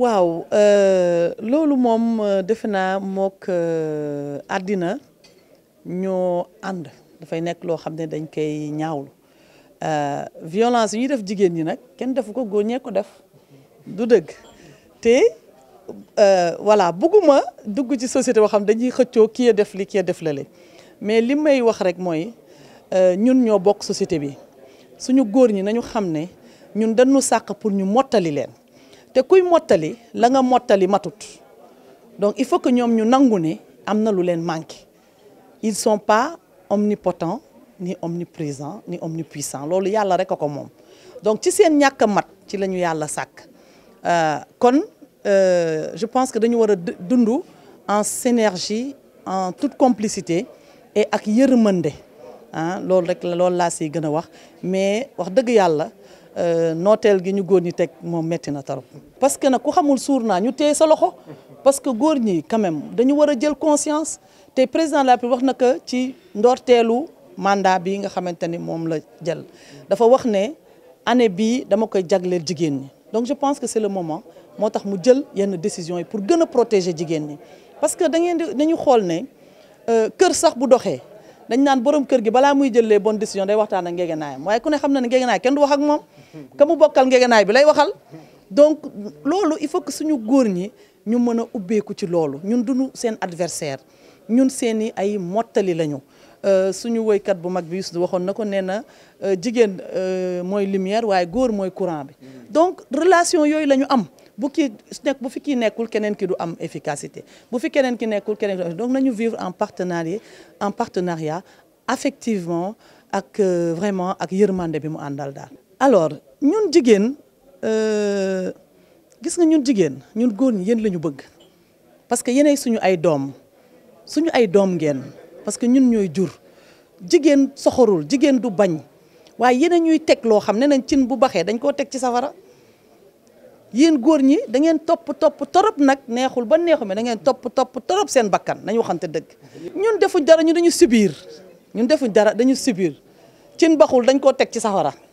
waaw euh, loolu moom euh, defe naa mook euh, àddina ñoo ànd dafay nekk loo xam ne dañ koy ñaawlu violence yi ñuy def jigéen ñi nag kenn defu ko góor ñee ko def du dëgg te voilà bëgguma dugg ci société boo xam dañuy xëccoo ki a def li kii a def lale mais li may wax rek mooy ñun ñoo bokk société bi suñu góor ñi nañu xam ne ñun dañu sàq pour ñu mottali leen te kuy mottali la nga mottali matut donc il faut que ñoom ñu nangu ne am na lu leen manqué ils sont pas omnipotents ni omniprésents ni omnipuissants loolu yàlla rek a ko moom donc ci seen ñàkka mat ci la ñu yàlla sàkk euh, kon euh, je pense que dañu war a dund en synergie en toute complicité et ak yërmande ah loolu rek la loolu laa siy gën a wax mais wax dëgg yàlla Euh, nooteel gi ñu góor ñi teg moom metti na tarop parce que nag ku xamul suur naa ñu téye sa loxo parce que góor ñi quand dañu war a jël conscience te président de la République wax na ko ci ndorteelu mandat bi nga xamante ni moom la jël dafa wax ne année bii dama koy jagleel jigéen ñi donc je pense que c'est le moment moo tax mu jël yenn décision yi pour gën a protéger jigéen ñi parce que da ngeen di dañu xool ne euh, kër sax bu doxee dañ naan borom kër gi balaa muy jël bon bonnes décisions day waxtaan ak ngeganaayam waaye ku ne xam na ne ngeganaay kenn du wax ak moom ka bokkal ngeganaay bi lay waxal donc loolu il faut que suñu góor ñi ñu mën a ubbeeku ci loolu ñun duñu seen adversaire ñun seen i ay mottali lañu euh, suñu woykat bu mag bi Youssou waxoon na ko nee na euh, jigéen euh, mooy lumière waaye góor mooy courant bi mm. donc relation yooyu la ñu am bu kii nekk bu fi kii nekkul keneen ki du am efficacité bu fi keneen ki nekkul keneen ki donc nañu vivre en partenariat en partenariat effectivement ak euh, vraiment ak yërmande bi mu àndal daal. alors ñun jigéen euh, gis nga ñun jigéen ñun góor ñi yéen la ñu bëgg parce que yéenay suñu ay doom suñu ay doom ngeen parce que ñun ñooy jur jigéen soxorul jigéen du bañ waaye yéen ñuy teg loo xam ne nañ cin bu baxee dañ koo teg ci safara. yéen góor ñi da ngeen topp topp torop nag neexul ba neexu me da ngeen topp topp torop seen bakkan nañu waxante dëgg ñun defuñ dara ñu dañu subir ñun defuñ dara dañu subir cin baxul dañ koo teg ci safara